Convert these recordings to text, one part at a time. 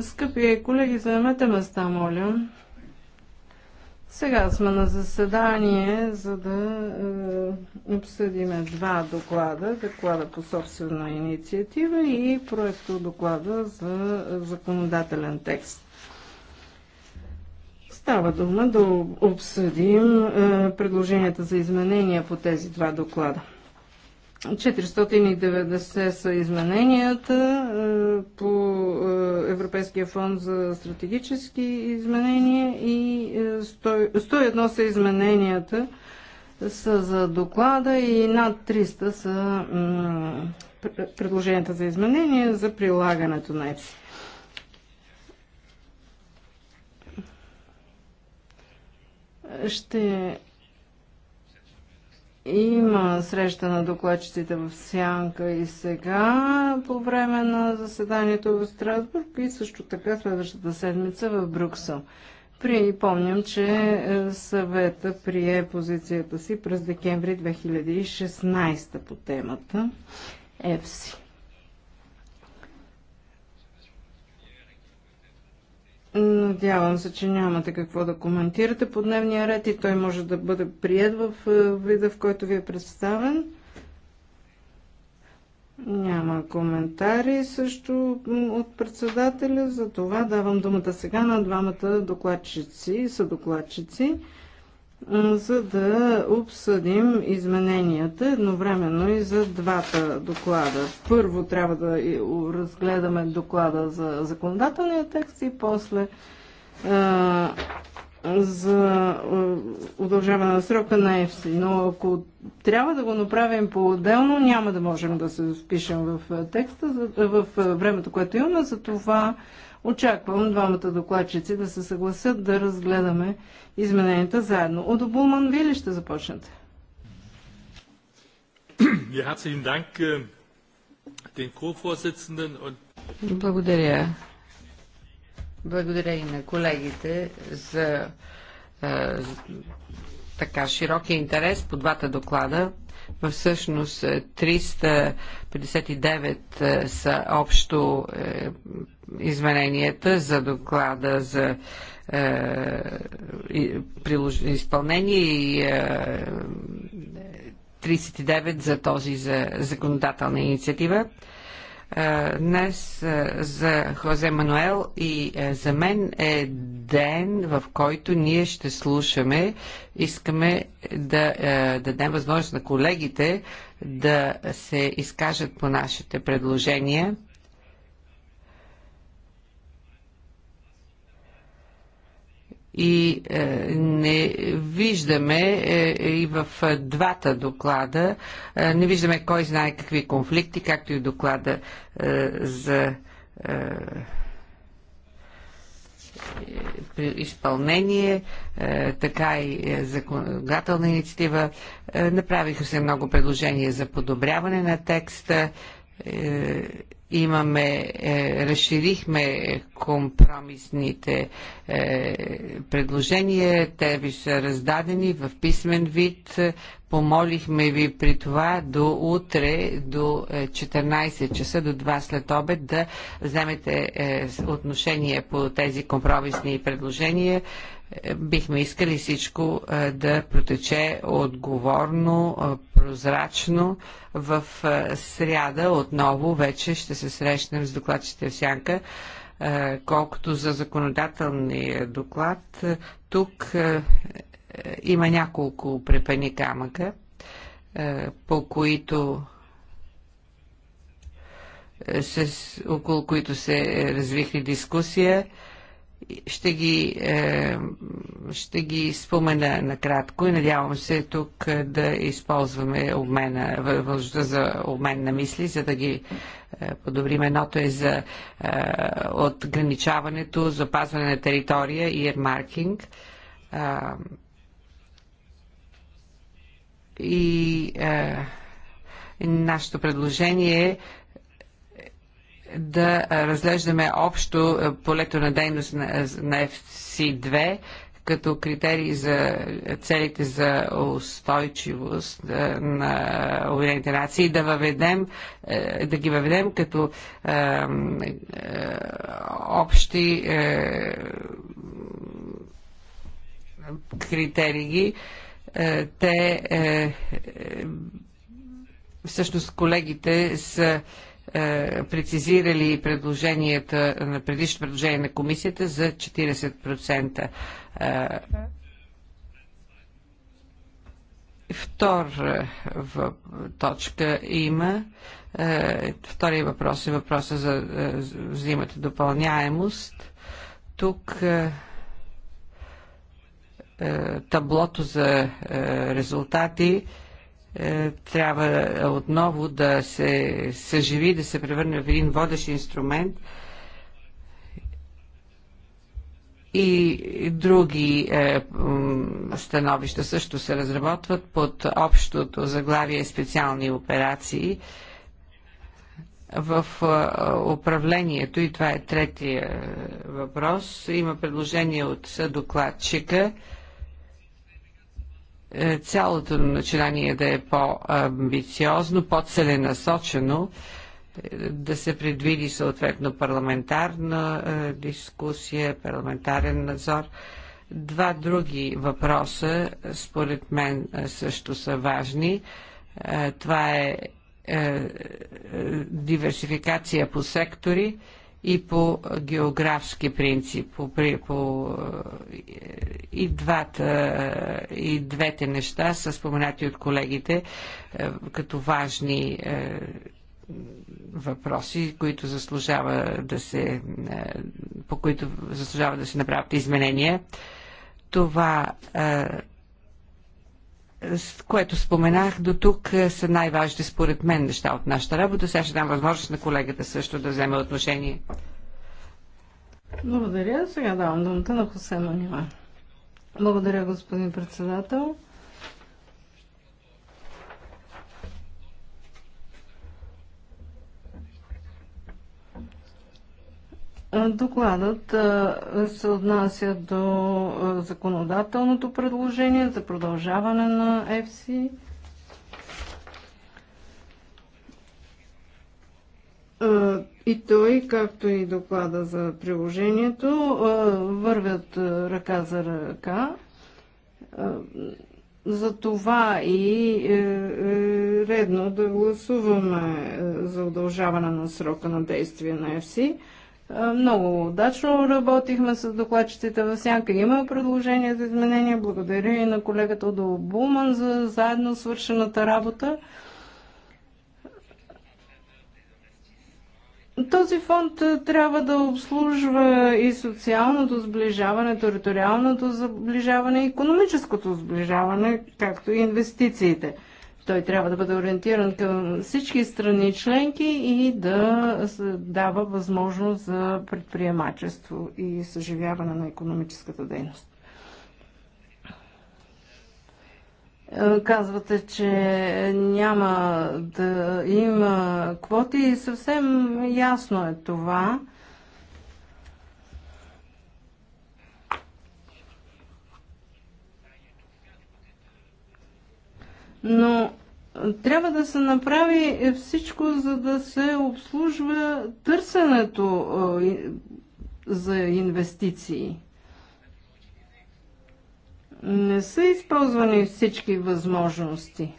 Скъпи колеги, заемете места, моля. Сега сме на заседание, за да е, обсъдиме два доклада. Доклада по собствена инициатива и проекто доклада за законодателен текст. Става дума да обсъдим е, предложенията за изменения по тези два доклада. 490 са измененията е, по е, Европейския фонд за стратегически изменения и 101 е, са измененията са за доклада и над 300 са предложенията за изменения за прилагането на ЕПСИ. Ще има среща на докладчиците в Сянка и сега по време на заседанието в Страсбург и също така следващата седмица в Брюксел. Припомням, че е, съвета прие позицията си през декември 2016 по темата ЕФСИ. Надявам се, че нямате какво да коментирате по дневния ред и той може да бъде прият в е, вида, в който ви е представен. Няма коментари също от председателя, за това давам думата сега на двамата докладчици са докладчици за да обсъдим измененията едновременно и за двата доклада. Първо трябва да разгледаме доклада за законодателния текст и после за удължаване на срока на ЕФСИ. Но ако трябва да го направим по-отделно, няма да можем да се впишем в текста, в времето, което имаме. за това очаквам двамата докладчици да се съгласят да разгледаме измененията заедно. От Обулман, вие ли ще започнете? Äh, Благодаря, благодаря и на колегите за е, така широкия интерес по двата доклада. Всъщност 359 е, е, са общо е, измененията за доклада за е, изпълнение и е, 39 за този за законодателна инициатива. Е, днес е, за Хозе Мануел и е, за мен е ден, в който ние ще слушаме. Искаме да дадем възможност на колегите да се изкажат по нашите предложения. и е, не виждаме е, е, и в двата доклада, е, не виждаме кой знае какви конфликти, както и доклада е, за е, изпълнение, е, така и е, законодателна инициатива. Е, направиха се много предложения за подобряване на текста. Е, имаме, е, разширихме компромисните е, предложения. Те ви са раздадени в писмен вид. Помолихме ви при това до утре, до 14 е, часа, до 2 след обед, да вземете е, отношение по тези компромисни предложения е, бихме искали всичко е, да протече отговорно, прозрачно. В сряда отново вече ще се срещнем с докладчите в Сянка. Е, колкото за законодателния доклад, е, тук е, има няколко препани камъка, по които с, около които се развихли дискусия. Ще ги, е, ще ги спомена накратко и надявам се тук е, да използваме обмена, възможността за обмен на мисли, за да ги е, подобрим. Едното е за е, отграничаването, запазване на територия и ермаркинг. Е, и е, нашето предложение е да разглеждаме общо е, полето на дейност на, FC2 е, като критерии за целите за устойчивост е, на Уединените нации да, въведем, да ги въведем като е, е, общи е, критерии. Те всъщност колегите са е, прецизирали предложенията на предишно предложение на комисията за 40%. Е, втора точка има. Е, втория въпрос е въпроса за взимата допълняемост. Тук таблото за резултати е, трябва отново да се съживи, да се превърне в един водещ инструмент и други е, становища също се разработват под общото заглавие специални операции в е, управлението и това е третия е, въпрос. Има предложение от съдокладчика. Е, цялото начинание да е по-амбициозно, по-целенасочено, е, да се предвиди съответно парламентарна е, дискусия, парламентарен надзор. Два други въпроса, според мен, също са важни. Това е диверсификация по сектори и по географски принцип. По, по, е, и, двата, е, и двете неща са споменати от колегите е, като важни въпроси, които заслужава да се, по които заслужава да се направят изменения. Това с което споменах до тук е, са най-важните според мен неща от нашата работа. Сега ще дам възможност на колегата също да вземе отношение. Благодаря. Сега давам думата на Хосе Манима. Благодаря, господин председател. Докладът се отнася до законодателното предложение за продължаване на ЕФСИ. И той, както и доклада за приложението, вървят ръка за ръка. За това и е, е редно да гласуваме е, за удължаване на срока на действие на ЕФСИ. Много удачно работихме с докладчиците в сянка. Има предложения за изменения. Благодаря и на колегата от Буман за заедно свършената работа. Този фонд трябва да обслужва и социалното сближаване, териториалното сближаване, економическото сближаване, както и инвестициите. Той трябва да бъде ориентиран към всички страни членки и да дава възможност за предприемачество и съживяване на економическата дейност. Е, казвате, че няма да има квоти. Съвсем ясно е това. но трябва да се направи всичко, за да се обслужва търсенето за инвестиции. Не са използвани всички възможности.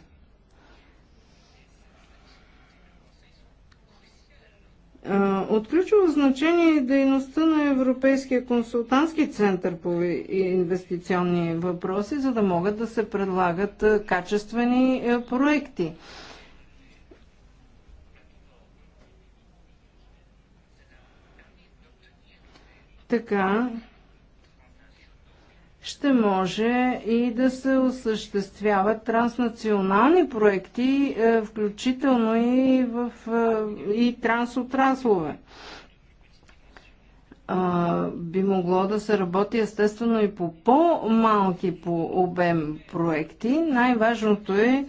От ключово значение е дейността на Европейския консултантски център по инвестиционни въпроси, за да могат да се предлагат качествени проекти. Така, ще може и да се осъществяват транснационални проекти, е, включително и, в, е, и трансотраслове. Би могло да се работи естествено и по по-малки по обем проекти. Най-важното е,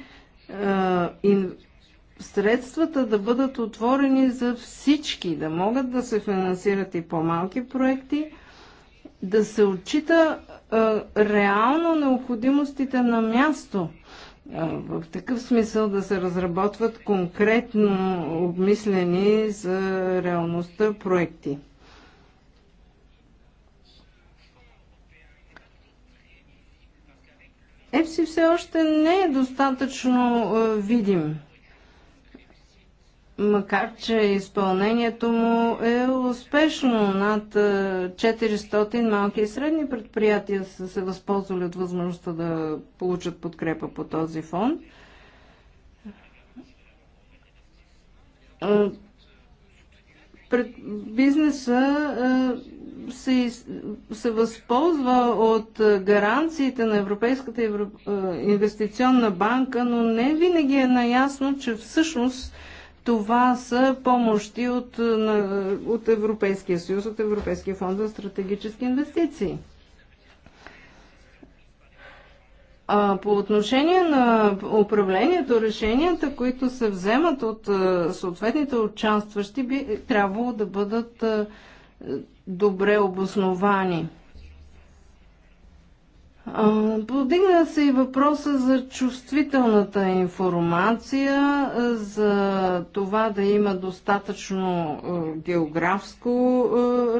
е средствата да бъдат отворени за всички, да могат да се финансират и по-малки проекти – да се отчита реално необходимостите на място. В такъв смисъл да се разработват конкретно обмислени за реалността проекти. ЕПСИ все още не е достатъчно видим макар че изпълнението му е успешно. Над 400 е, малки и средни предприятия са се възползвали от възможността да получат подкрепа по този фонд. Е, пред бизнеса е, се, се възползва от гаранциите на Европейската инвестиционна банка, но не винаги е наясно, че всъщност това са помощи от, на, от Европейския съюз, от Европейския фонд за стратегически инвестиции. А по отношение на управлението, решенията, които се вземат от съответните участващи, би трябвало да бъдат добре обосновани. Подигна се и въпроса за чувствителната информация, за това да има достатъчно географско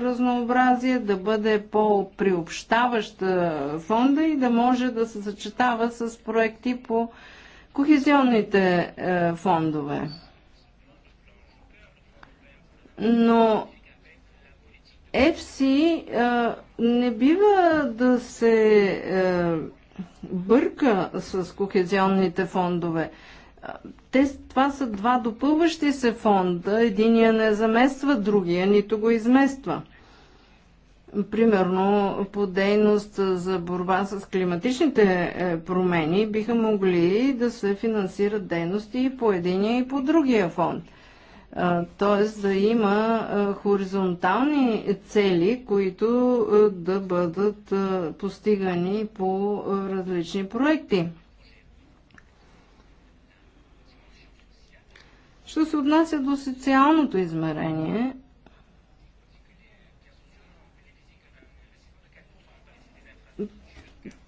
разнообразие, да бъде по-приобщаваща фонда и да може да се съчетава с проекти по кохезионните е, фондове. Но ЕФСИ не бива да се бърка с кохезионните фондове. Те, това са два допълващи се фонда. Единия не замества другия, нито го измества. Примерно по дейност за борба с климатичните е, промени биха могли да се финансират дейности и по единия и по другия фонд – т.е. да има хоризонтални цели, които да бъдат постигани по различни проекти. Що се отнася до социалното измерение,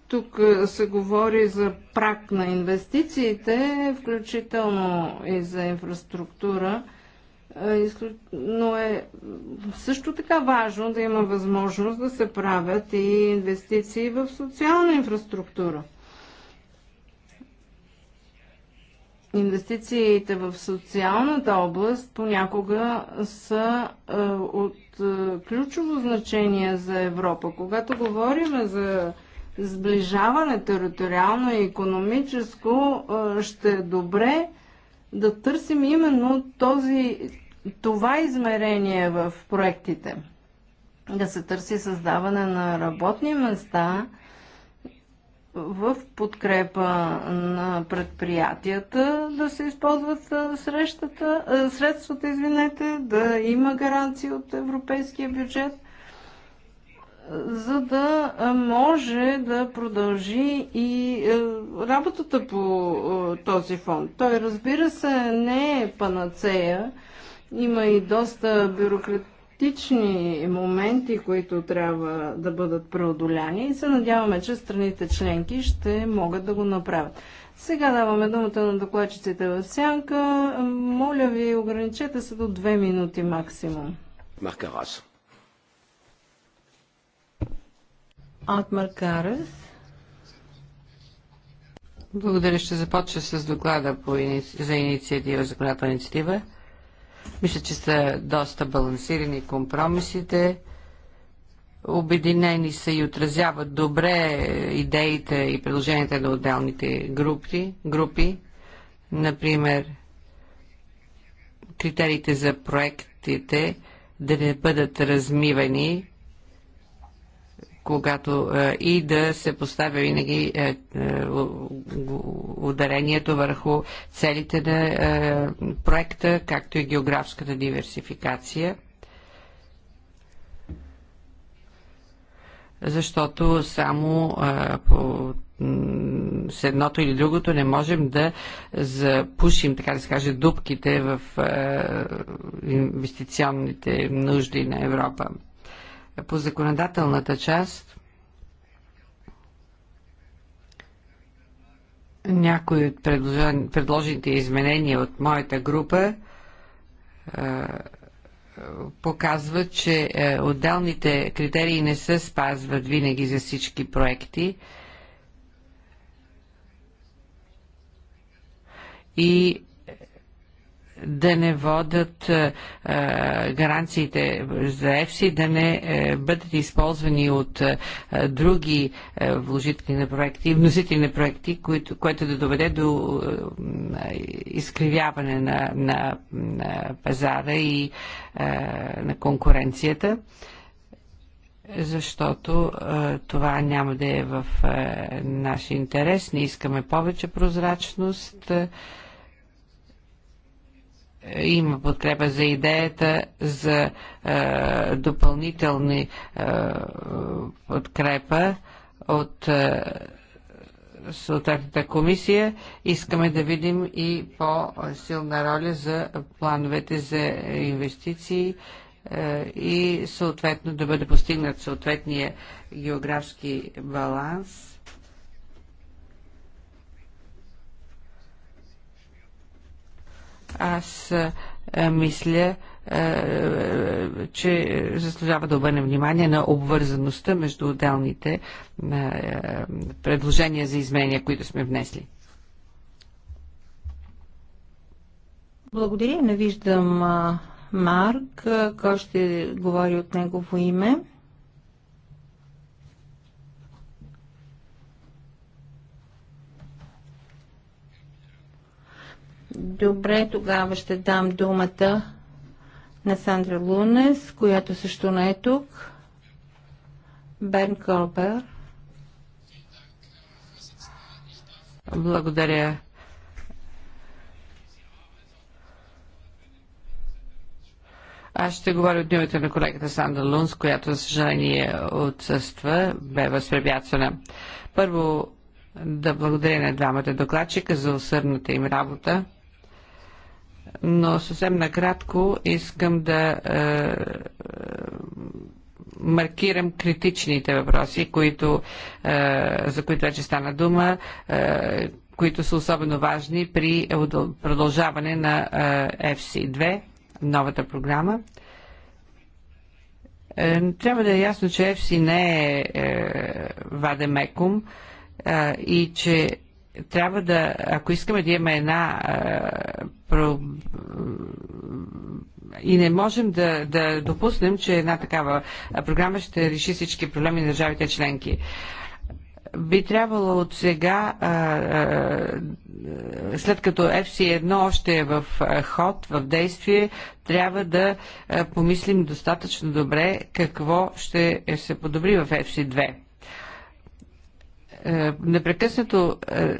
Тук се говори за прак на инвестициите, включително и за инфраструктура – но е също така важно да има възможност да се правят и инвестиции в социална инфраструктура. Инвестициите в социалната област понякога са от ключово значение за Европа. Когато говорим за сближаване териториално и економическо, ще е добре да търсим именно този това измерение в проектите. Да се търси създаване на работни места в подкрепа на предприятията, да се използват срещата, средствата, извинете, да има гаранции от европейския бюджет, за да може да продължи и работата по този фонд. Той, разбира се, не е панацея има и доста бюрократични моменти, които трябва да бъдат преодоляни и се надяваме, че страните членки ще могат да го направят. Сега даваме думата на докладчиците в сянка. Моля ви, ограничете се до две минути максимум. Маркарас. От Маркарас. Благодаря. Ще започна с доклада по, за инициатива, законодателна инициатива. Мисля, че са доста балансирани компромисите. Обединени са и отразяват добре идеите и предложенията на отделните групи. групи. Например, критериите за проектите да не бъдат размивани когато е, и да се поставя винаги е, е, ударението върху целите на проекта, както и географската диверсификация. Защото само по с едното или другото не можем да запушим, така да се каже, дубките в инвестиционните нужди на Европа по законодателната част някои от предложените изменения от моята група е, показват, че е, отделните критерии не се спазват винаги за всички проекти. И да не водят е, е, гаранциите за ЕФСИ, да не е, бъдат използвани от други вложители на проекти, вносители на проекти, което да доведе до изкривяване на, на, на пазара и на конкуренцията защото това няма да е в а, наш интерес. Не искаме повече прозрачност. Е, има подкрепа за идеята за е, допълнителни е, подкрепа от е, съответната комисия. Искаме да видим и по-силна роля за плановете за инвестиции е, и съответно да бъде постигнат съответния географски баланс Аз е, е, мисля, е, че заслужава да обърнем внимание на обвързаността между отделните предложения за изменения, които сме внесли. Благодаря. Не виждам Марк, кой ще говори от негово име. Добре, тогава ще дам думата на Сандра Лунес, която също не е тук. Берн Колбер. Благодаря. Аз ще говоря от името на колегата Сандра Лунс, която, за съжаление, отсъства, бе възпрепятствана. Първо, да благодаря на двамата докладчика за усърдната им работа но съвсем накратко искам да е, маркирам критичните въпроси, които, е, за които вече стана дума, е, които са особено важни при продължаване на е, FC2, новата програма. Е, трябва да е ясно, че FC не е, е вадемекум е, и че трябва да, ако искаме да имаме една а, про... и не можем да, да допуснем, че една такава програма ще реши всички проблеми на държавите членки би трябвало от сега, след като FC1 още е в ход, в действие, трябва да помислим достатъчно добре какво ще се подобри в FC2. Е, непрекъснато е,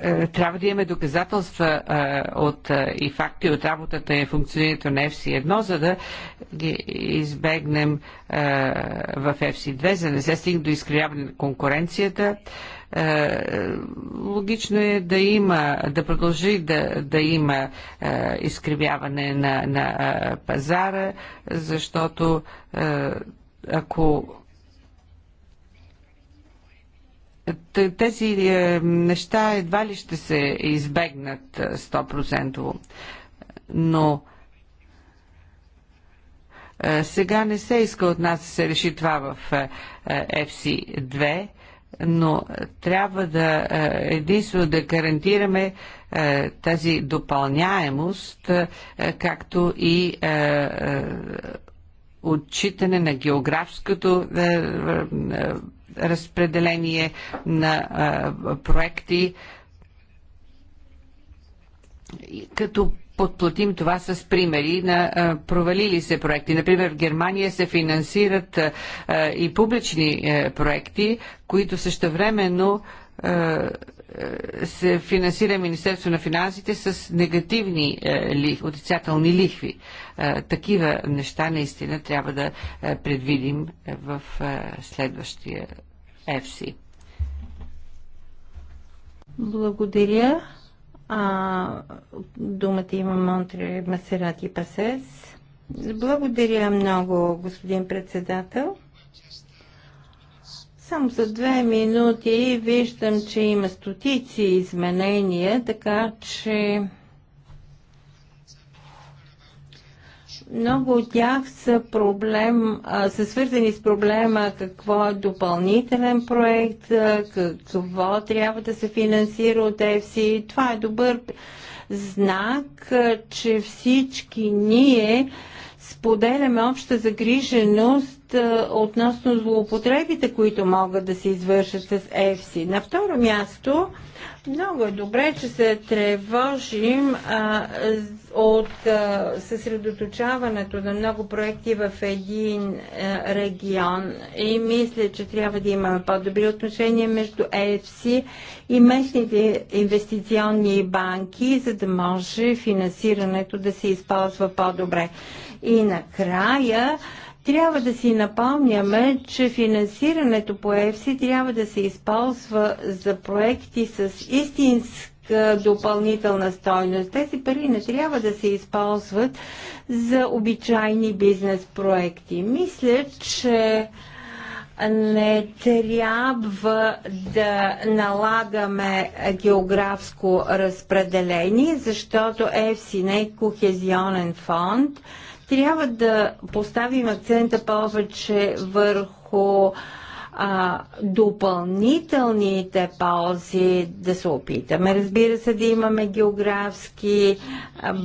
е, трябва да имаме доказателства от, и факти от работата и функционирането на FC1, за да ги избегнем в FC2, за да не се стигне до изкривяване на конкуренцията. Логично е да има, да продължи да, да има изкривяване на, на пазара, защото ако тези е, неща едва ли ще се избегнат 100%. Е, но е, сега не се иска от нас да се реши това в FC2, но трябва да единствено да гарантираме тази допълняемост, както и отчитане на географското разпределение на проекти, като подплатим това с примери на провалили се проекти. Например, в Германия се финансират и публични проекти, които същевременно времено е, е, се финансира Министерство на финансите с негативни е, лих, отрицателни лихви. Такива неща наистина трябва да предвидим в следващия ЕФСИ. Благодаря. А, думата има Монтре Масерати Пасес. Благодаря много, господин председател. Само за две минути виждам, че има стотици изменения, така че много от тях са, проблем, а, са свързани с проблема какво е допълнителен проект, какво трябва да се финансира от ЕФСИ. Това е добър знак, че всички ние споделяме обща загриженост относно злоупотребите, които могат да се извършат с ЕФСИ. На второ място, много е добре, че се тревожим а, от а, съсредоточаването на много проекти в един а, регион и мисля, че трябва да имаме по-добри отношения между ЕФСИ и местните инвестиционни банки, за да може финансирането да се използва по-добре. И накрая трябва да си напомняме, че финансирането по ЕФСИ трябва да се използва за проекти с истинска допълнителна стойност. Тези пари не трябва да се използват за обичайни бизнес проекти. Мисля, че не трябва да налагаме географско разпределение, защото ЕФСИ не е кохезионен фонд – трябва да поставим акцента повече върху а, допълнителните паузи, да се опитаме. Разбира се, да имаме географски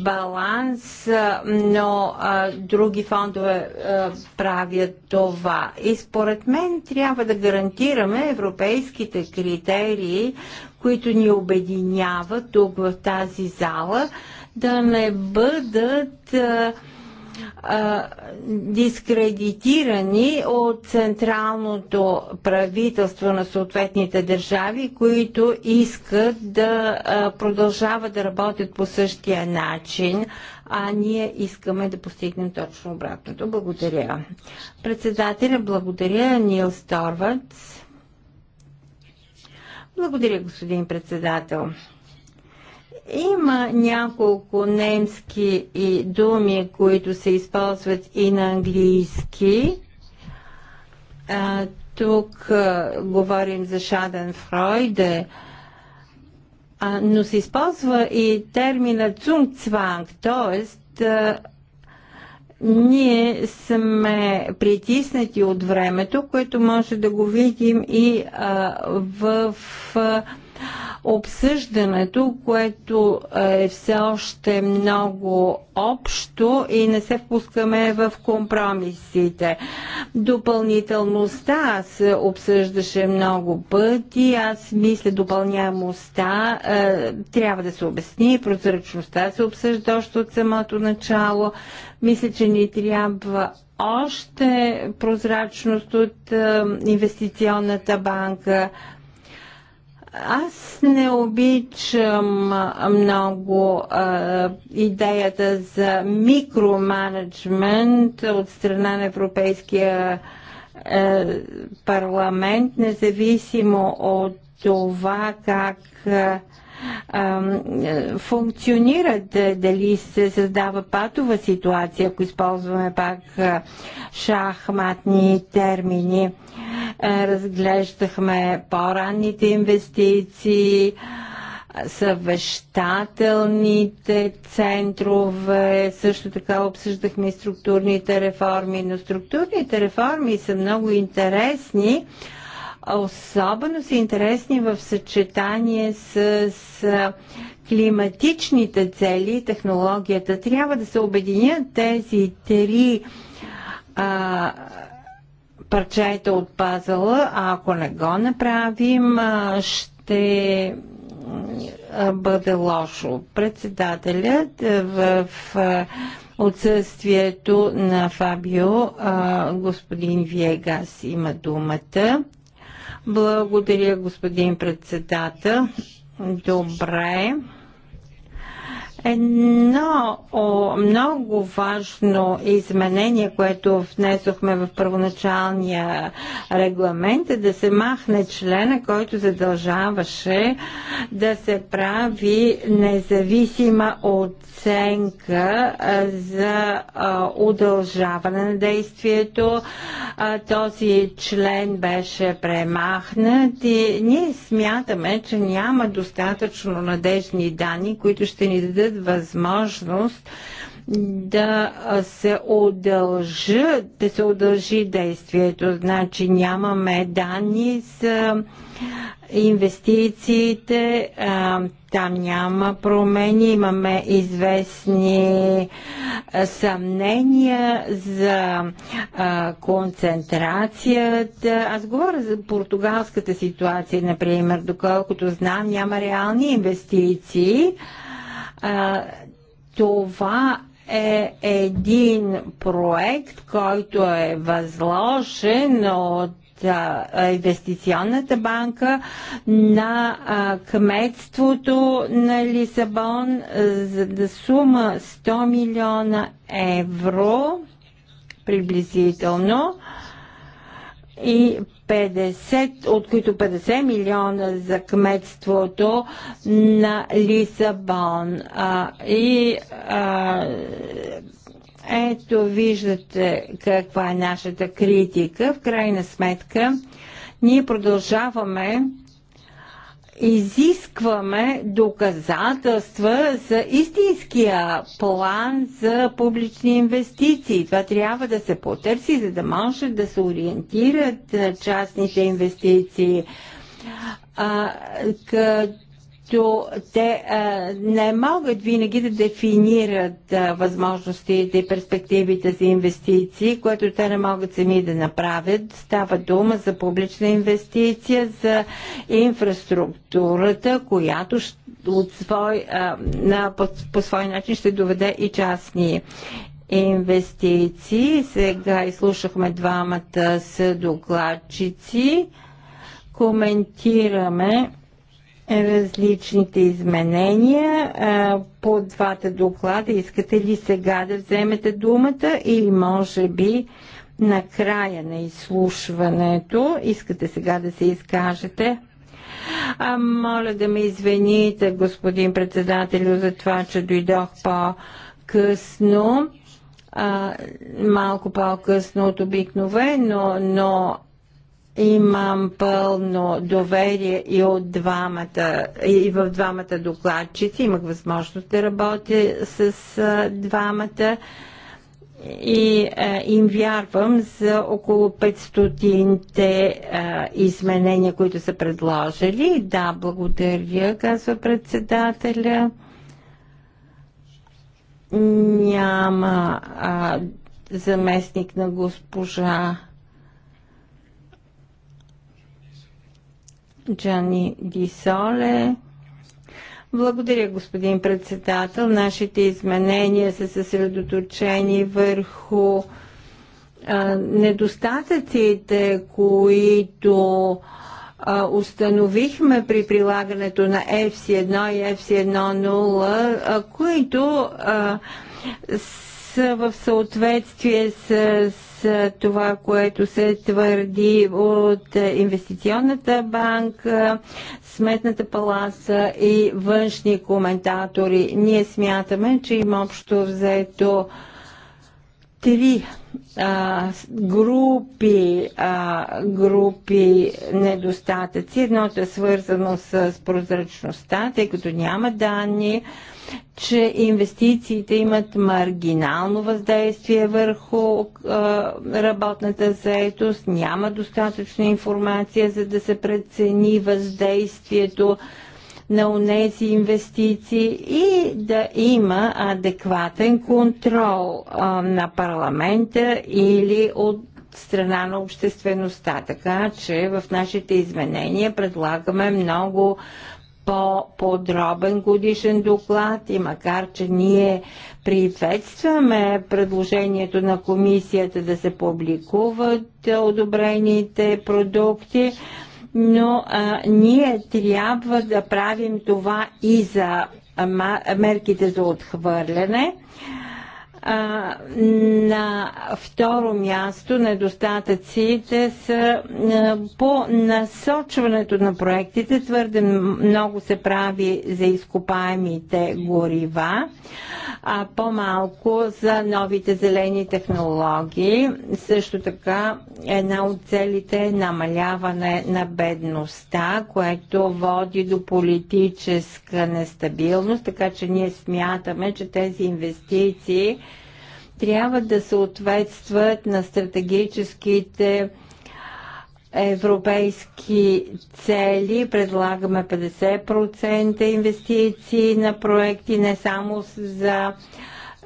баланс, но а, други фондове а, правят това. И според мен трябва да гарантираме европейските критерии, които ни обединяват тук в тази зала, да не бъдат. А, дискредитирани от централното правителство на съответните държави, които искат да продължават да работят по същия начин, а ние искаме да постигнем точно обратното. Благодаря. Председателя, благодаря. Нил Сторвац. Благодаря, господин председател. Има няколко немски и думи, които се използват и на английски. А, тук а, говорим за Шаден Фройде, а, но се използва и термина цунгцванг, т.е. ние сме притиснати от времето, което може да го видим и а, в. А, обсъждането, което е все още много общо и не се впускаме в компромисите. Допълнителността се обсъждаше много пъти. Аз мисля, допълняемостта е, трябва да се обясни. Прозрачността се обсъжда още от самото начало. Мисля, че ни трябва още прозрачност от е, инвестиционната банка аз не обичам много а, идеята за микроменеджмент от страна на Европейския а, парламент, независимо от това как а, функционират, дали се създава патова ситуация, ако използваме пак шахматни термини. А, е, разглеждахме по-ранните инвестиции, съвещателните центрове, също така обсъждахме и структурните реформи, но структурните реформи са много интересни, особено са интересни в съчетание с, климатичните цели и технологията. Трябва да се обединят тези три а, парчета от пазала, а ако не го направим, ще бъде лошо. Председателят в отсъствието на Фабио, господин Виегас има думата. Благодаря, господин председател. Добре. Едно о, много важно изменение, което внесохме в първоначалния регламент е да се махне члена, който задължаваше да се прави независима оценка за удължаване на действието. Този член беше премахнат и ние смятаме, че няма достатъчно надежни данни, които ще ни дадат дадат възможност да се удължи, да се удължи действието. Значи нямаме данни за инвестициите, там няма промени, имаме известни съмнения за концентрацията. Аз говоря за португалската ситуация, например, доколкото знам, няма реални инвестиции. А, това е един проект, който е възложен от инвестиционната банка на кметството на Лисабон за да сума 100 милиона евро приблизително и 50, от които 50 милиона за кметството на Лисабон. А, и а, ето виждате каква е нашата критика. В крайна сметка ние продължаваме изискваме доказателства за истинския план за публични инвестиции. Това трябва да се потърси, за да може да се ориентират частните инвестиции. А, като които те а, не могат винаги да дефинират а, възможностите и перспективите за инвестиции, което те не могат сами да направят. Става дума за публична инвестиция, за инфраструктурата, която от свой, а, на, по, по свой начин ще доведе и частни инвестиции. Сега изслушахме двамата с докладчици. Коментираме различните изменения а, по двата доклада. Искате ли сега да вземете думата или може би на края на изслушването искате сега да се изкажете? А, моля да ме извините, господин председателю, за това, че дойдох по-късно, малко по-късно от обикновено, но Имам пълно доверие и от двамата, и в двамата докладчици. Имах възможност да работя с двамата и а, им вярвам за около 500-те изменения, които са предложили. Да, благодаря, казва председателя. Няма а, заместник на госпожа Джани Дисоле. Благодаря, господин председател. Нашите изменения са съсредоточени върху а, недостатъците, които а, установихме при прилагането на FC1 и FC10, които а, са в съответствие с това, което се твърди от инвестиционната банка, сметната паласа и външни коментатори. Ние смятаме, че има общо взето три а, групи, а, групи недостатъци. Едното е свързано с прозрачността, тъй като няма данни че инвестициите имат маргинално въздействие върху работната заетост, няма достатъчно информация, за да се прецени въздействието на унези инвестиции и да има адекватен контрол на парламента или от страна на обществеността. Така че в нашите изменения предлагаме много по-подробен годишен доклад и макар, че ние приветстваме предложението на комисията да се публикуват одобрените продукти, но а, ние трябва да правим това и за мерките за отхвърляне. А, а, на второ място недостатъците са а, по насочването на проектите. Твърде много се прави за изкопаемите горива, а по-малко за новите зелени технологии. Също така една от целите е намаляване на бедността, което води до политическа нестабилност, така че ние смятаме, че тези инвестиции трябва да съответстват на стратегическите европейски цели. Предлагаме 50% инвестиции на проекти не само за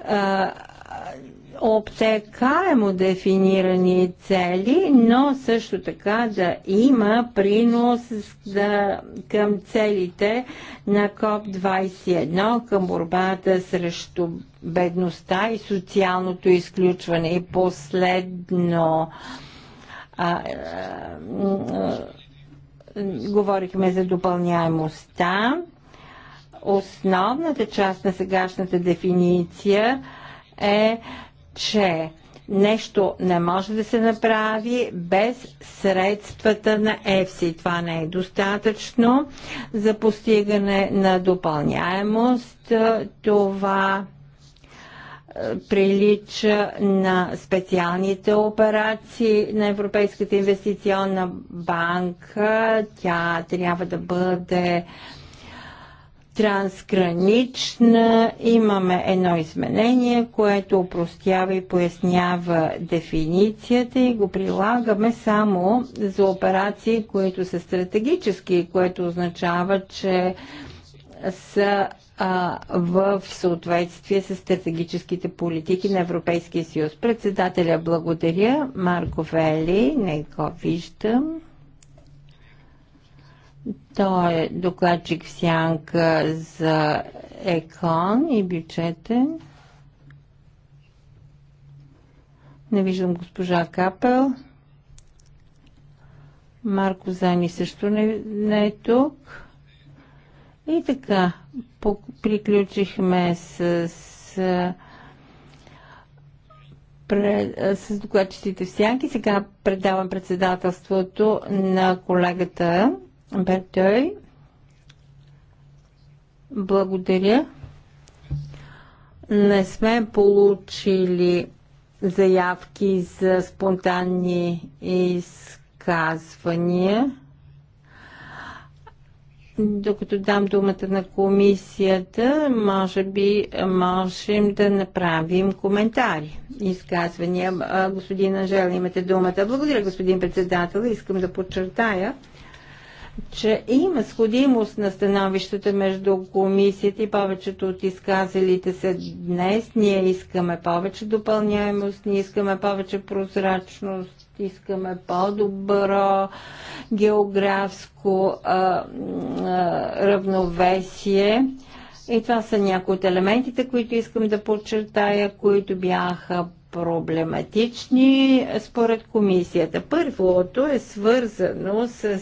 а, обтекаемо дефинирани цели, но също така да има принос за, към целите на КОП-21, към борбата срещу бедността и социалното изключване. И последно а, а, а, говорихме за допълняемостта. Основната част на сегашната дефиниция е че нещо не може да се направи без средствата на ЕФСИ. Това не е достатъчно за постигане на допълняемост. Това е, прилича на специалните операции на Европейската инвестиционна банка. Тя трябва да бъде трансгранична. Имаме едно изменение, което упростява и пояснява дефиницията и го прилагаме само за операции, които са стратегически, което означава, че са а, в съответствие с стратегическите политики на Европейския съюз. Председателя благодаря. Марко Вели, не го виждам. Той е докладчик в сянка за ЕКОН и бюджетен. Не виждам госпожа Капел. Марко Зани също не, не е тук. И така, по, приключихме с, с, с, с докладчиците в сянки. Сега предавам председателството на колегата Бертой. Благодаря. Не сме получили заявки за спонтанни изказвания. Докато дам думата на комисията, може би можем да направим коментари, изказвания. Господин Анжел, имате думата. Благодаря, господин председател. Искам да подчертая, че има сходимост на становищата между комисията и повечето от изказалите се днес. Ние искаме повече допълняемост, ние искаме повече прозрачност, искаме по-добро географско а, а, равновесие. И това са някои от елементите, които искам да подчертая, които бяха проблематични според комисията. Първото е свързано с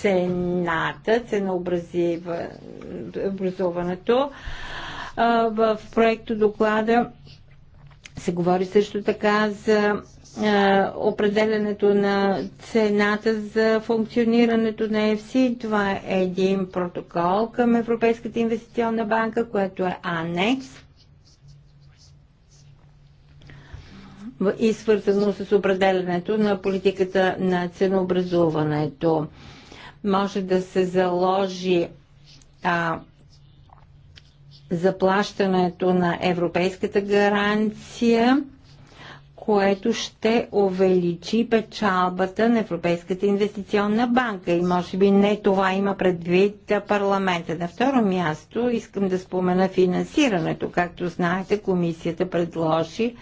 цената, ценообразуването. В проекто доклада се говори също така за определенето на цената за функционирането на ЕФСИ. Това е един протокол към Европейската инвестиционна банка, което е анекс и свързано с определенето на политиката на ценообразуването може да се заложи а, заплащането на европейската гаранция, което ще увеличи печалбата на Европейската инвестиционна банка. И може би не това има предвид парламента. На второ място искам да спомена финансирането. Както знаете, комисията предложи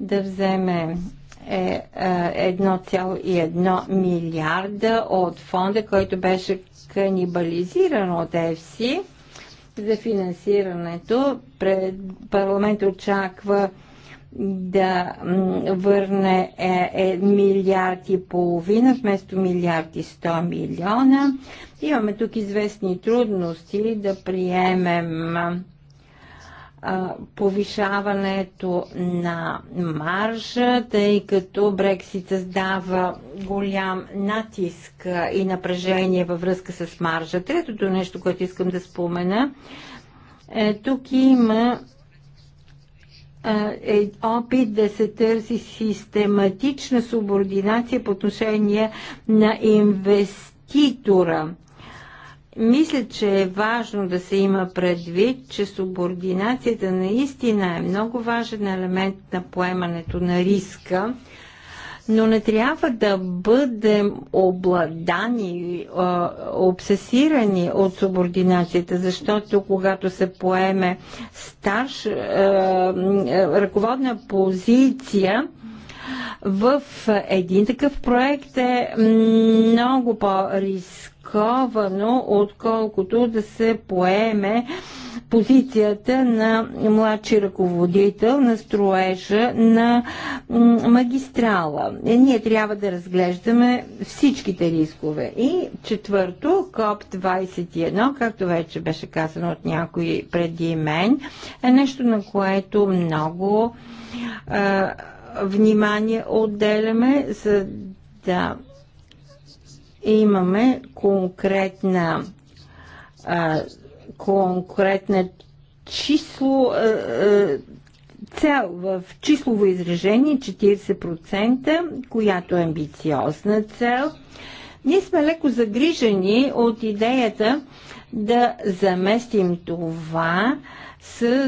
да вземе е 1,1 е, милиарда от фонда, който беше канибализиран от ЕФСИ за финансирането. Пред парламент очаква да върне 1 е, е, милиард и половина вместо милиард и 100 милиона. Имаме тук известни трудности да приемем повишаването на маржа, тъй като Брексит създава голям натиск и напрежение във връзка с маржа. Третото нещо, което искам да спомена, е, тук има е опит да се търси систематична субординация по отношение на инвеститора. Мисля, че е важно да се има предвид, че субординацията наистина е много важен елемент на поемането на риска, но не трябва да бъдем обладани, обсесирани от субординацията, защото когато се поеме старш, ръководна позиция, в един такъв проект е много по-риск рисковано, отколкото да се поеме позицията на младши ръководител на строежа на магистрала. Е, ние трябва да разглеждаме всичките рискове. И четвърто, КОП-21, както вече беше казано от някой преди мен, е нещо, на което много е, внимание отделяме, за да имаме конкретна а, конкретна число а, а, цел в числово изражение 40%, която е амбициозна цел. Ние сме леко загрижени от идеята да заместим това с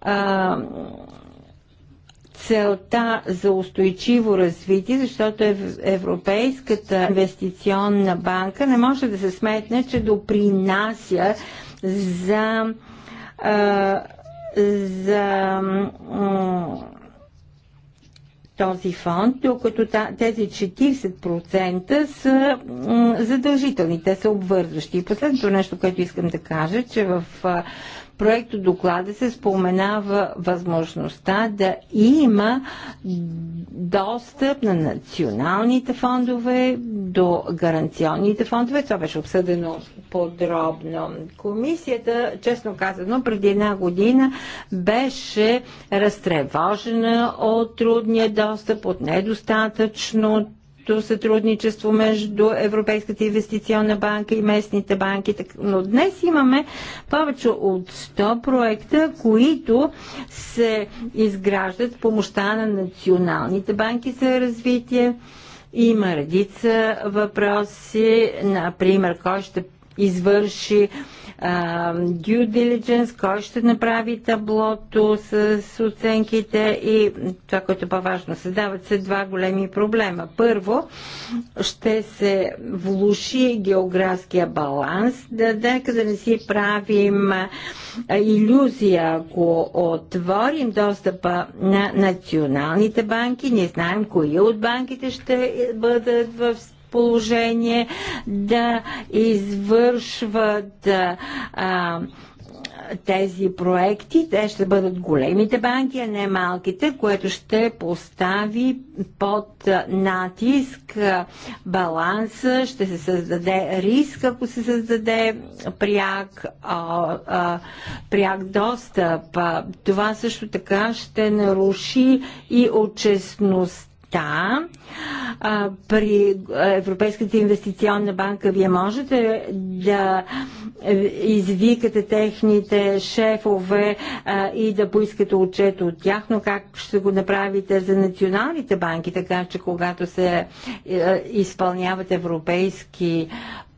а, целта за устойчиво развитие, защото Европейската инвестиционна банка не може да се сметне, че допринася за, а, за този фонд, докато тези 40% са задължителни, те са обвързващи. И последното нещо, което искам да кажа, че в проекто доклада се споменава възможността да има достъп на националните фондове до гаранционните фондове. Това беше обсъдено подробно. Комисията, честно казано, преди една година беше разтревожена от трудния достъп, от недостатъчно тясното сътрудничество между Европейската инвестиционна банка и местните банки. Но днес имаме повече от 100 проекта, които се изграждат с помощта на националните банки за развитие. Има редица въпроси, например, кой ще извърши due diligence, кой ще направи таблото с, оценките и това, което е по-важно, създават се два големи проблема. Първо, ще се влуши географския баланс. Да, дека да не си правим иллюзия, ако отворим достъпа на националните банки, не знаем кои от банките ще бъдат в положение, да извършват а, тези проекти. Те ще бъдат големите банки, а не малките, което ще постави под натиск баланса, ще се създаде риск, ако се създаде пряк, а, а, пряк достъп. Това също така ще наруши и отчестността а, При Европейската инвестиционна банка вие можете да извикате техните шефове и да поискате отчет от тях, но как ще го направите за националните банки, така че когато се изпълняват европейски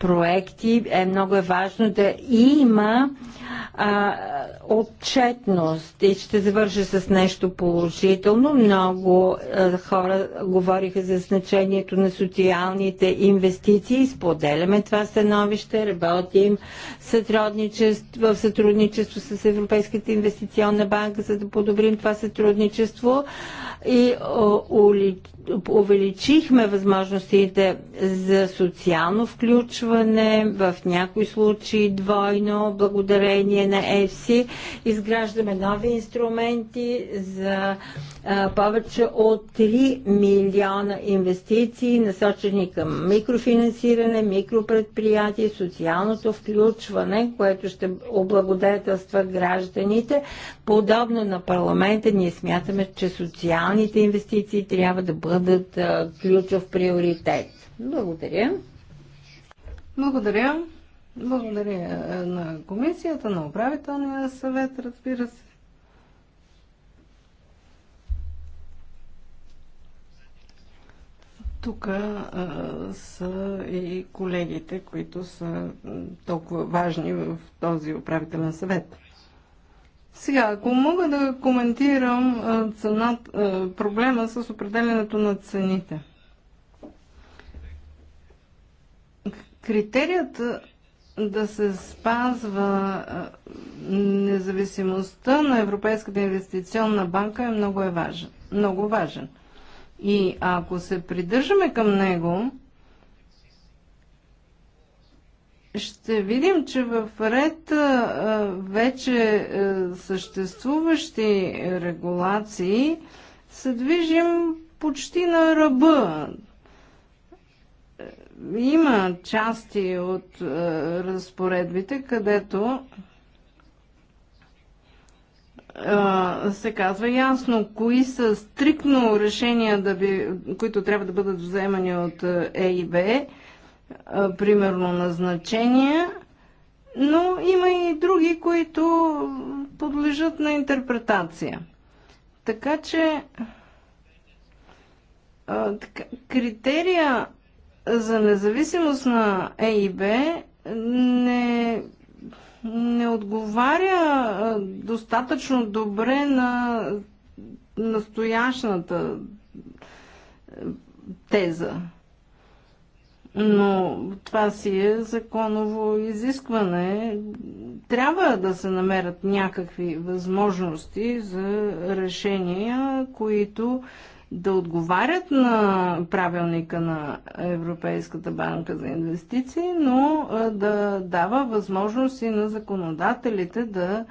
проекти е много е важно да има а, отчетност. И ще завърша с нещо положително. Много а, хора говориха за значението на социалните инвестиции. Споделяме това становище, работим сътрудничество, в сътрудничество с Европейската инвестиционна банка, за да подобрим това сътрудничество и увеличихме възможностите за социално включване, в някои случаи двойно, благодарение на ЕСИ, Изграждаме нови инструменти за повече от 3 милиона инвестиции, насочени към микрофинансиране, микропредприятие, социалното включване, което ще облагодетелства гражданите. Подобно на парламента, ние смятаме, че социално социалните инвестиции трябва да бъдат ключов приоритет. Благодаря. Благодаря. Благодаря на комисията, на управителния съвет, разбира се. Тук са и колегите, които са толкова важни в този управителен съвет. Сега, ако мога да коментирам цена, проблема с определенето на цените. Критерият да се спазва независимостта на Европейската инвестиционна банка е много, е важен, много важен. И ако се придържаме към него, ще видим, че в ред вече е, съществуващи регулации се движим почти на ръба. Има части от е, разпоредбите, където се казва ясно кои са стрикно решения, да би, които трябва да бъдат вземани от ЕИБ примерно назначения, но има и други, които подлежат на интерпретация. Така че критерия за независимост на е Б не, не отговаря достатъчно добре на настоящната теза. Но това си е законово изискване. Трябва да се намерят някакви възможности за решения, които да отговарят на правилника на Европейската банка за инвестиции, но да дава възможности на законодателите да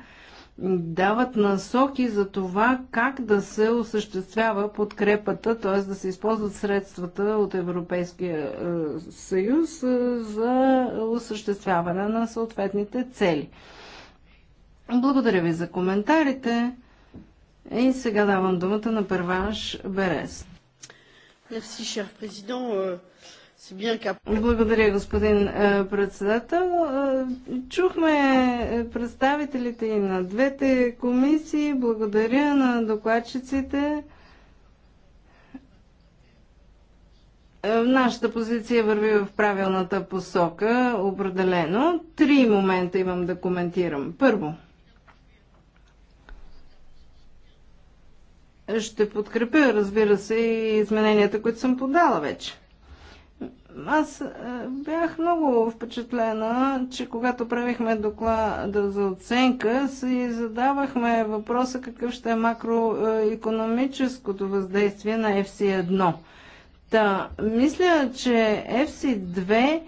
дават насоки за това как да се осъществява подкрепата, т.е. да се използват средствата от Европейския е, съюз е, за осъществяване на съответните цели. Благодаря ви за коментарите и сега давам думата на първаш Берес. Merci, cher président. Благодаря, господин е, председател. Е, чухме е, представителите и на двете комисии. Благодаря на докладчиците. Нашата позиция върви в правилната посока, определено. Три момента имам да коментирам. Първо, ще подкрепя, разбира се, и измененията, които съм подала вече. Аз е, бях много впечатлена, че когато правихме доклада за оценка, си задавахме въпроса какъв ще е макроекономическото въздействие на FC1. Та, мисля, че FC2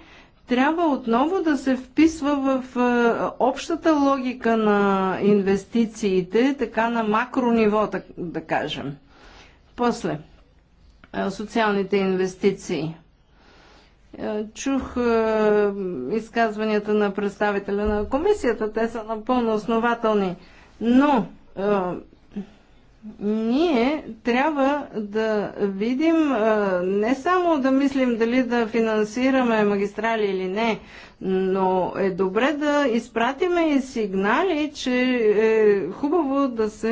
трябва отново да се вписва в е, общата логика на инвестициите, така на макро ниво, да, да кажем. После, е, социалните инвестиции. Е, чух е, изказванията на представителя на комисията, те са напълно основателни, но е, ние трябва да видим, не само да мислим дали да финансираме магистрали или не, но е добре да изпратиме и сигнали, че е хубаво да се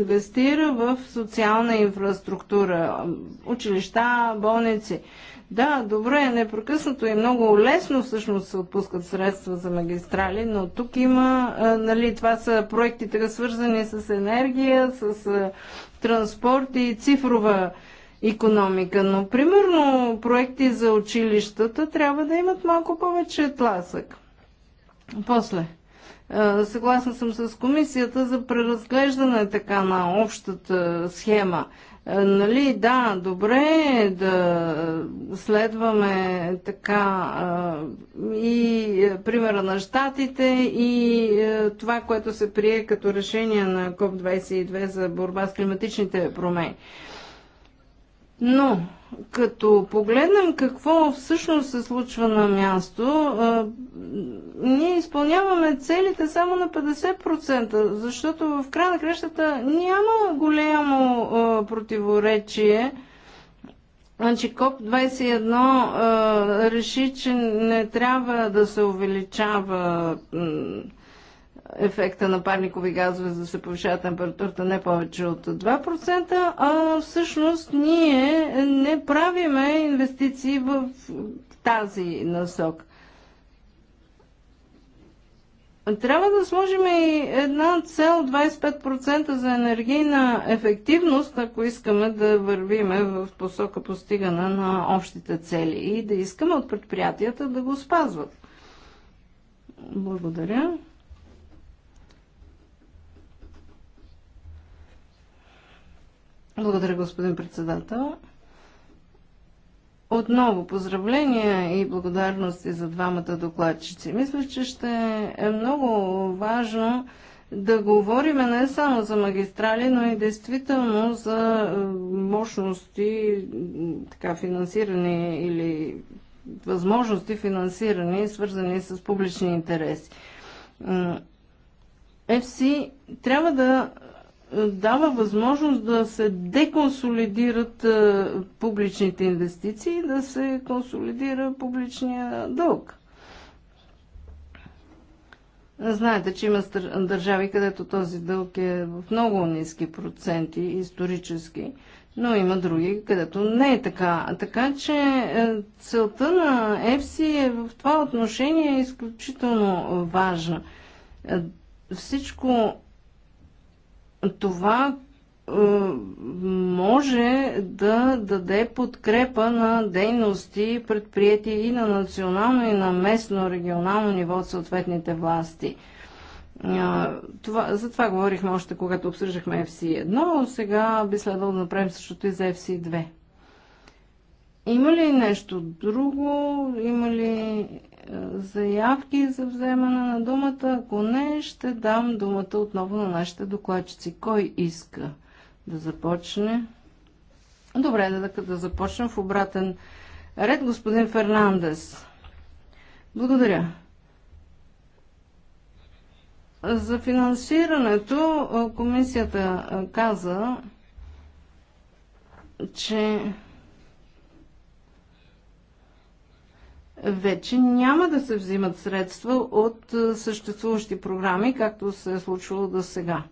инвестира в социална инфраструктура, училища, болници. Да, добре, непрекъснато и много лесно всъщност се отпускат средства за магистрали, но тук има, нали, това са проектите свързани с енергия, с транспорт и цифрова економика. Но, примерно, проекти за училищата трябва да имат малко повече тласък. После. Съгласна съм с комисията за преразглеждане така на общата схема. Е, нали, да, добре е да следваме така е, и е, примера на щатите и това, което се прие като решение на КОП-22 за борба с климатичните промени. Но като погледнем какво всъщност се случва на място, ние изпълняваме целите само на 50%, защото в края на кращата няма голямо противоречие. Значи КОП-21 реши, че не трябва да се увеличава ефекта на парникови газове, за да се повишава температурата не повече от 2%, а всъщност ние не правиме инвестиции в тази насок. Трябва да сложим и една цел 25% за енергийна ефективност, ако искаме да вървиме в посока постигане на общите цели и да искаме от предприятията да го спазват. Благодаря. Благодаря, господин председател. Отново поздравления и благодарности за двамата докладчици. Мисля, че ще е много важно да говориме не само за магистрали, но и действително за е, мощности, така финансирани или възможности финансирани, свързани с публични интереси. ФСИ трябва да дава възможност да се деконсолидират е, публичните инвестиции и да се консолидира публичния дълг. Знаете, че има държави, където този дълг е в много ниски проценти исторически, но има други, където не е така. Така че е, целта на ЕФСИ е в това отношение изключително важна. Е, всичко това е, може да даде подкрепа на дейности, предприяти и на национално, и на местно, регионално ниво от съответните власти. Е, това, за това говорихме още когато обсъждахме FC1, сега би следвало да направим същото и за FC2. Има ли нещо друго? Има ли заявки за вземане на думата? Ако не, ще дам думата отново на нашите докладчици. Кой иска да започне? Добре, да, да започнем в обратен ред. Господин Фернандес. Благодаря. За финансирането комисията каза, че вече няма да се взимат средства от съществуващи програми, както се е случвало до сега.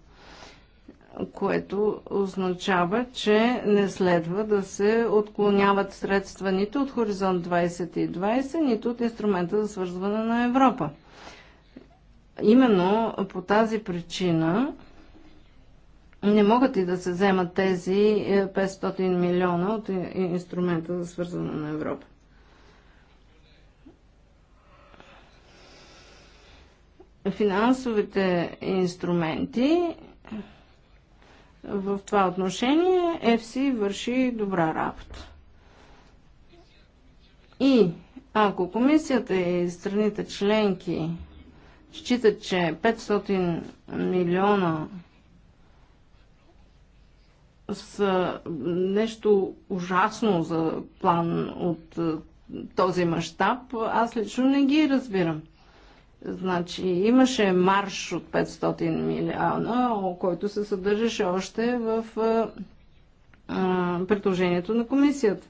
Което означава, че не следва да се отклоняват средства нито от Хоризонт 2020, нито от инструмента за свързване на Европа. Именно по тази причина не могат и да се вземат тези 500 е, милиона от инструмента за свързване на Европа. финансовите инструменти в това отношение ЕФСИ върши добра работа. И ако комисията и страните членки считат, че 500 милиона са нещо ужасно за план от този мащаб, аз лично не ги разбирам. Значи имаше марш от 500 милиона, който се съдържаше още в а, предложението на комисията.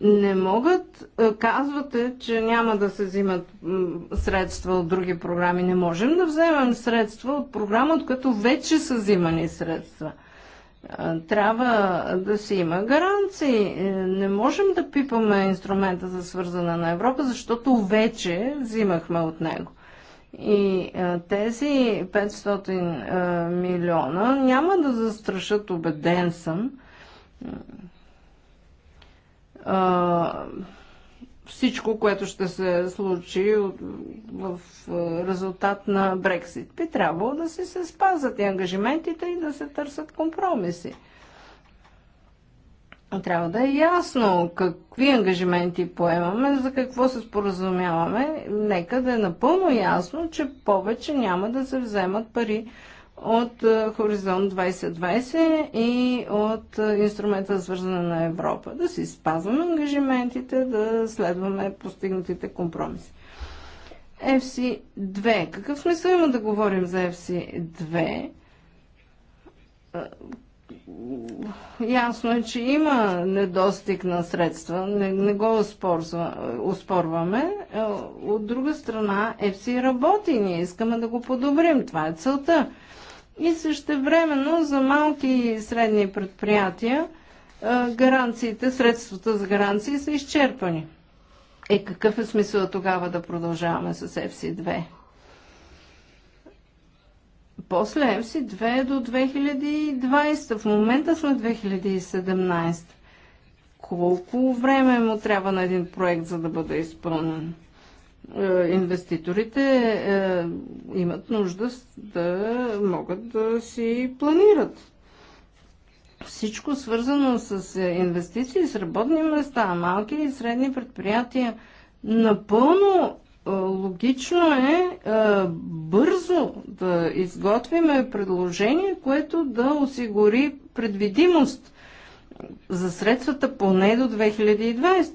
Не могат, казвате, че няма да се взимат средства от други програми. Не можем да вземем средства от програма, от като вече са взимани средства – трябва да си има гаранции. Е, не можем да пипаме инструмента за свързана на Европа, защото вече взимахме от него. И е, тези 500 е, милиона няма да застрашат, убеден съм, всичко, което ще се случи в резултат на Брексит. Би трябвало да си се спазат и ангажиментите и да се търсят компромиси. Трябва да е ясно какви ангажименти поемаме, за какво се споразумяваме. Нека да е напълно ясно, че повече няма да се вземат пари от е, Хоризонт 2020 и от е, инструмента за свързане на Европа. Да си спазваме ангажиментите, да следваме постигнатите компромиси. FC2. Какъв смисъл има да говорим за FC2? Е, ясно е, че има недостиг на средства, не, не го оспорва, оспорваме. От друга страна, FC работи, ние искаме да го подобрим, това е целта и също времено за малки и средни предприятия гаранциите, средствата за гаранции са изчерпани. Е, какъв е смисъл тогава да продължаваме с FC2? После FC2 е до 2020. В момента сме 2017. Колко време му трябва на един проект, за да бъде изпълнен? Е, инвеститорите е, имат нужда да могат да си планират. Всичко свързано с е, инвестиции, с работни места, малки и средни предприятия, напълно логично е бързо да изготвиме предложение, което да осигури предвидимост за средствата поне до 2020.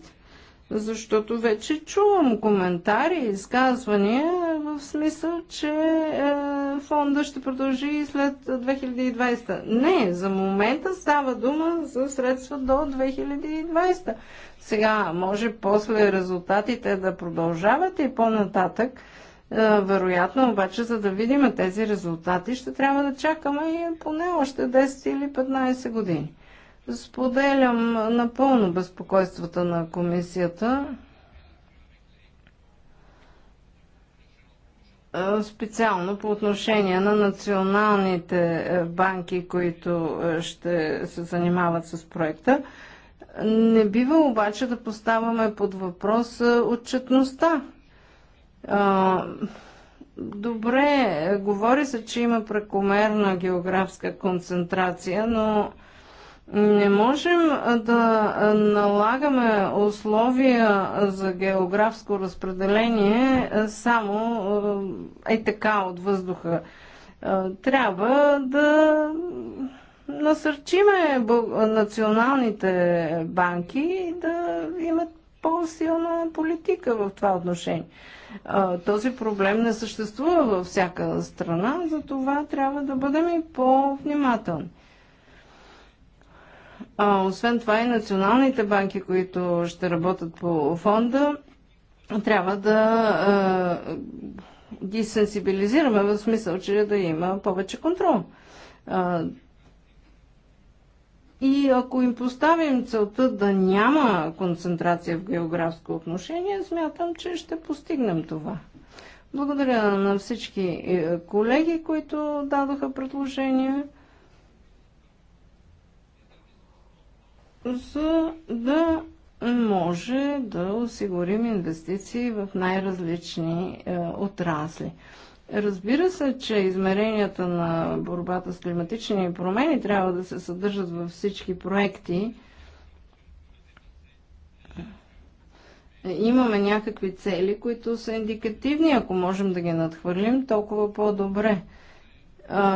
Защото вече чувам коментари, изказвания в смисъл, че е, фонда ще продължи и след 2020. Не, за момента става дума за средства до 2020. Сега може после резултатите да продължават и по-нататък. Е, вероятно обаче, за да видим тези резултати, ще трябва да чакаме и поне още 10 или 15 години. Споделям напълно безпокойствата на комисията. Е, специално по отношение на националните е, банки, които е, ще се занимават с проекта. Не бива обаче да поставяме под въпрос отчетността. Добре, говори се, че има прекомерна географска концентрация, но не можем да налагаме условия за географско разпределение само е така от въздуха. Трябва да насърчиме националните банки да имат по-силна политика в това отношение. Този проблем не съществува във всяка страна, затова трябва да бъдем и по-внимателни. А, освен това и националните банки, които ще работят по фонда, трябва да а, ги сенсибилизираме в смисъл, че да има повече контрол. А, и ако им поставим целта да няма концентрация в географско отношение, смятам, че ще постигнем това. Благодаря на всички е, колеги, които дадоха предложения. за да може да осигурим инвестиции в най-различни е, отрасли. Разбира се, че измеренията на борбата с климатични промени трябва да се съдържат във всички проекти. Имаме някакви цели, които са индикативни. Ако можем да ги надхвърлим, толкова по-добре.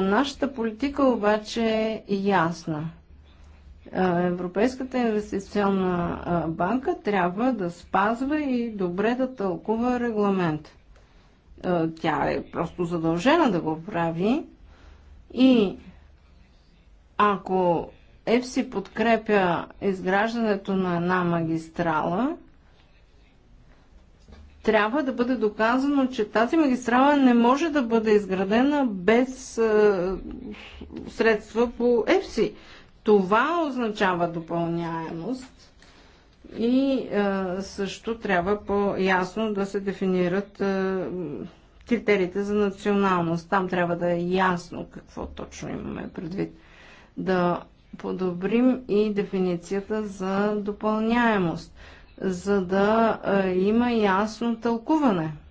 Нашата политика обаче е ясна. Европейската инвестиционна банка трябва да спазва и добре да тълкува регламент. Тя е просто задължена да го прави и ако ЕФСИ подкрепя изграждането на една магистрала, трябва да бъде доказано, че тази магистрала не може да бъде изградена без средства по ЕФСИ. Това означава допълняемост и е, също трябва по-ясно да се дефинират е, критериите за националност. Там трябва да е ясно какво точно имаме предвид. Да подобрим и дефиницията за допълняемост, за да е, има ясно тълкуване –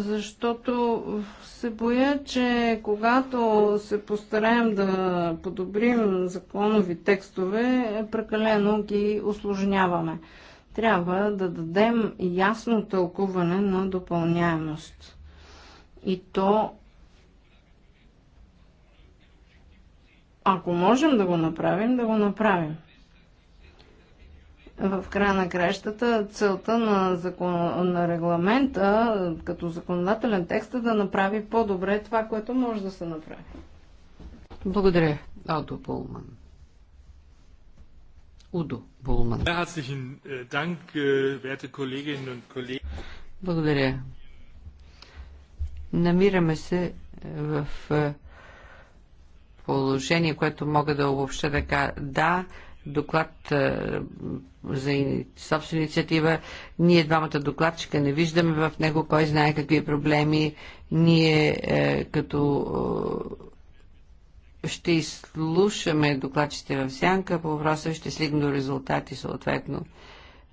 защото се боя, че когато се постараем да подобрим законови текстове, прекалено ги осложняваме. Трябва да дадем ясно тълкуване на допълняемост. И то, ако можем да го направим, да го направим в края на кращата целта на, закон, на регламента като законодателен текст е да направи по-добре това, което може да се направи. Благодаря, Адо Булман. Удо Булман. Э, э, Благодаря. Намираме се э, в положение, което мога да обобща така. кажа да доклад е, за собствена инициатива. Ние двамата докладчика не виждаме в него кой знае какви проблеми. Ние е, като е, ще изслушаме докладчите в сянка по въпроса, ще стигнем до резултати съответно.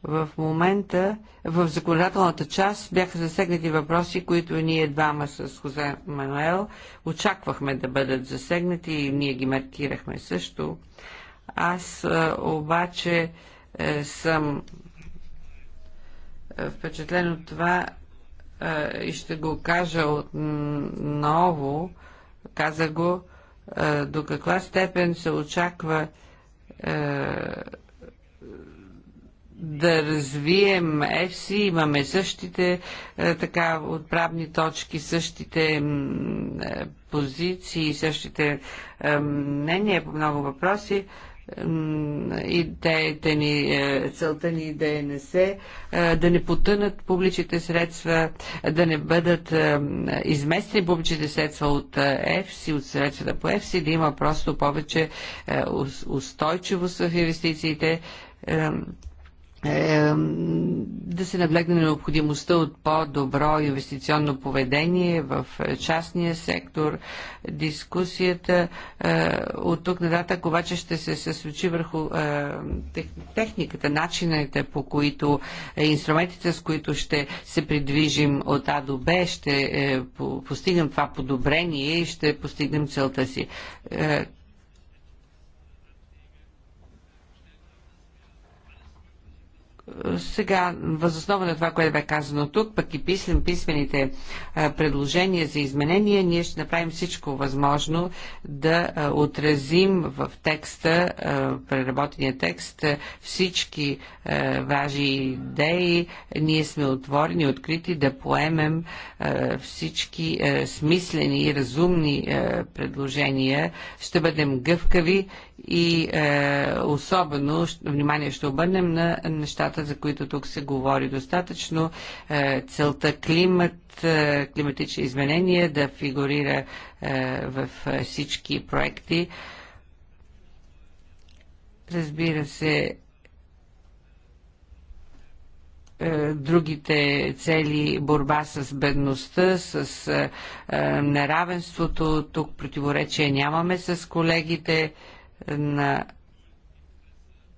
В момента в законодателната част бяха засегнати въпроси, които ние двама с Хозе Мануел очаквахме да бъдат засегнати и ние ги маркирахме също. Аз е, обаче е, съм е, впечатлен от това и ще го кажа отново, каза го, до каква степен се очаква да развием FC, имаме същите така отправни точки, същите позиции, същите мнения по много въпроси идеята ни, е, целта ни да е не се, е, да не потънат публичните средства, да не бъдат е, изместени публичните средства от ЕФСИ, от средствата по ЕФСИ, да има просто повече устойчивост в инвестициите да се наблегне на необходимостта от по-добро инвестиционно поведение в е, частния сектор. Дискусията е, от тук нататък обаче ще се съсочи върху е, техниката, начините по които инструментите, с които ще се придвижим от А до Б, ще постигнем това подобрение и ще постигнем целта си сега, възоснова на това, което бе казано тук, пък и пислен, писмените предложения за изменения, ние ще направим всичко възможно да отразим в текста, преработения текст, всички важни идеи. Ние сме отворени, открити да поемем всички смислени и разумни предложения. Ще бъдем гъвкави и е, особено внимание ще обърнем на нещата, за които тук се говори достатъчно. Е, целта климат, е, климатични изменения да фигурира е, в е, всички проекти. Разбира се, е, другите цели борба с бедността, с е, неравенството. Тук противоречие нямаме с колегите на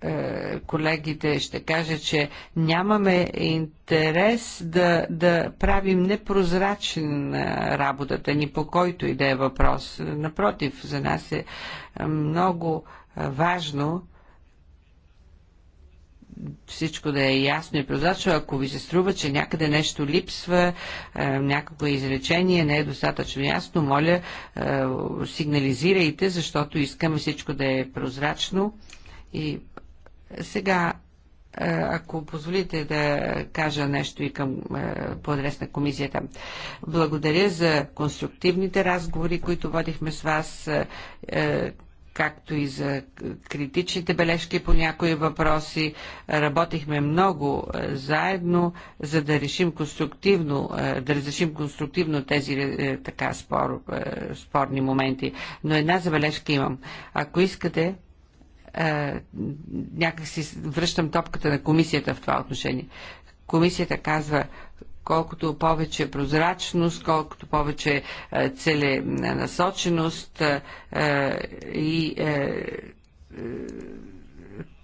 е, колегите ще кажа, че нямаме интерес да, да правим непрозрачен е, работата ни по който и да е въпрос. Напротив, за нас е, е много важно всичко да е ясно и прозрачно. Ако ви се струва, че някъде нещо липсва, е, някакво изречение не е достатъчно ясно, моля, е, сигнализирайте, защото искаме всичко да е прозрачно. И сега, е, ако позволите да кажа нещо и към, по адрес на комисията. Благодаря за конструктивните разговори, които водихме с вас както и за критичните бележки по някои въпроси. Работихме много е, заедно, за да решим конструктивно, е, да разрешим конструктивно тези е, така спор, спорни моменти. Но една забележка имам. Ако искате, някак си връщам топката на комисията в това отношение. Комисията казва, колкото повече прозрачност, колкото повече е, целенасоченост е, е, и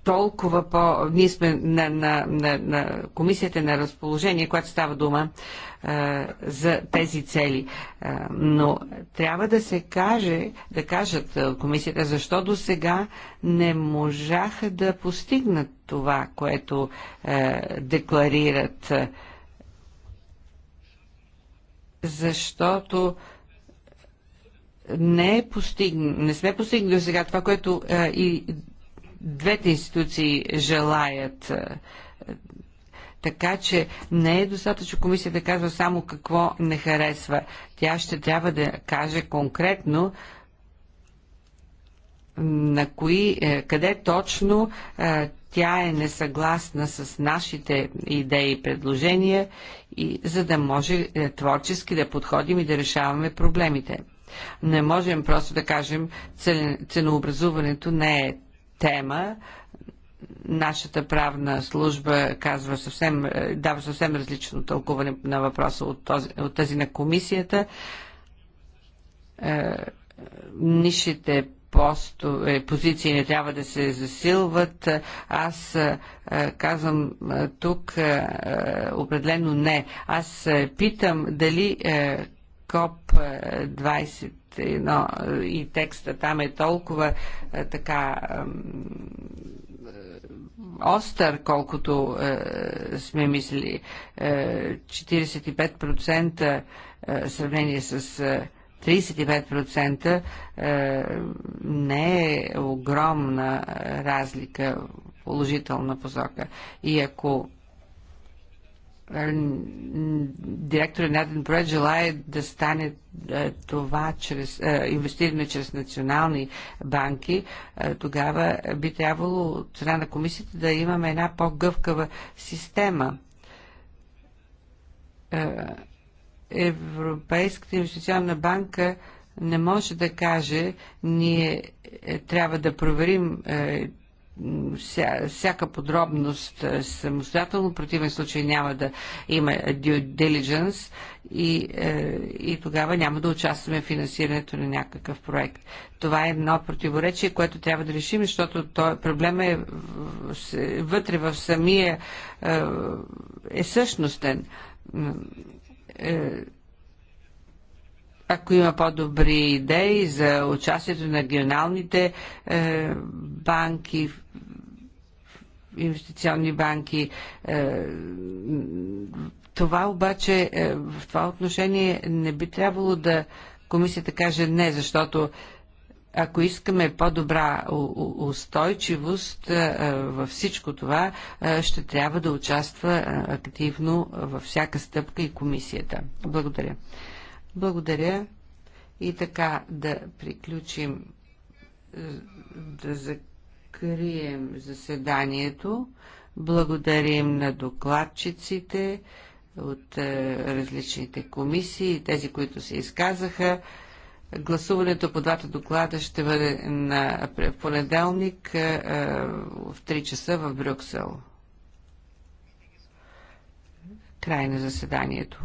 толкова по... Ние сме на, на, на, на комисията на разположение, която става дума е, за тези цели. Е, но трябва да се каже, да кажат комисията, защо до сега не можаха да постигнат това, което е, декларират. Е, защото не, е постиг... не сме постигнали сега това, което а, е, и двете институции желаят. Е, така че не е достатъчно комисията да казва само какво не харесва. Тя ще трябва да каже конкретно на кои, е, къде точно тя е несъгласна с нашите идеи и предложения, и, за да може е, творчески да подходим и да решаваме проблемите. Не можем просто да кажем, ценообразуването не е тема, нашата правна служба казва съвсем, е, дава съвсем различно тълкуване на въпроса от, този, от тази на комисията. Е, нишите посто, е, позиции не трябва да се засилват. Аз е, казвам тук е, определено не. Аз питам дали е, КОП 20 и текста там е толкова е, така е, остър, колкото е, сме мислили. Е, 45% е, сравнение с е, 35% е, не е огромна разлика в положителна посока. И ако е, директор на един проект желая да стане е, това чрез инвестиране чрез национални банки, тогава би трябвало от страна на комисията да имаме една по-гъвкава система Европейската инвестиционна банка не може да каже, ние е, трябва да проверим е, вся, всяка подробност е, самостоятелно, в противен случай няма да има due diligence и, и тогава няма да участваме в финансирането на някакъв проект. Това е едно противоречие, което трябва да решим, защото то, проблема е вътре в самия е същностен е, ако има по-добри идеи за участието на регионалните е, банки, инвестиционни банки, е, това обаче в това отношение не би трябвало да комисията каже не, защото ако искаме по-добра устойчивост във всичко това, ще трябва да участва активно във всяка стъпка и комисията. Благодаря. Благодаря. И така да приключим, да закрием заседанието. Благодарим на докладчиците от различните комисии, тези, които се изказаха. Гласуването по двата доклада ще бъде на понеделник е, е, в 3 часа в Брюксел. Край на заседанието.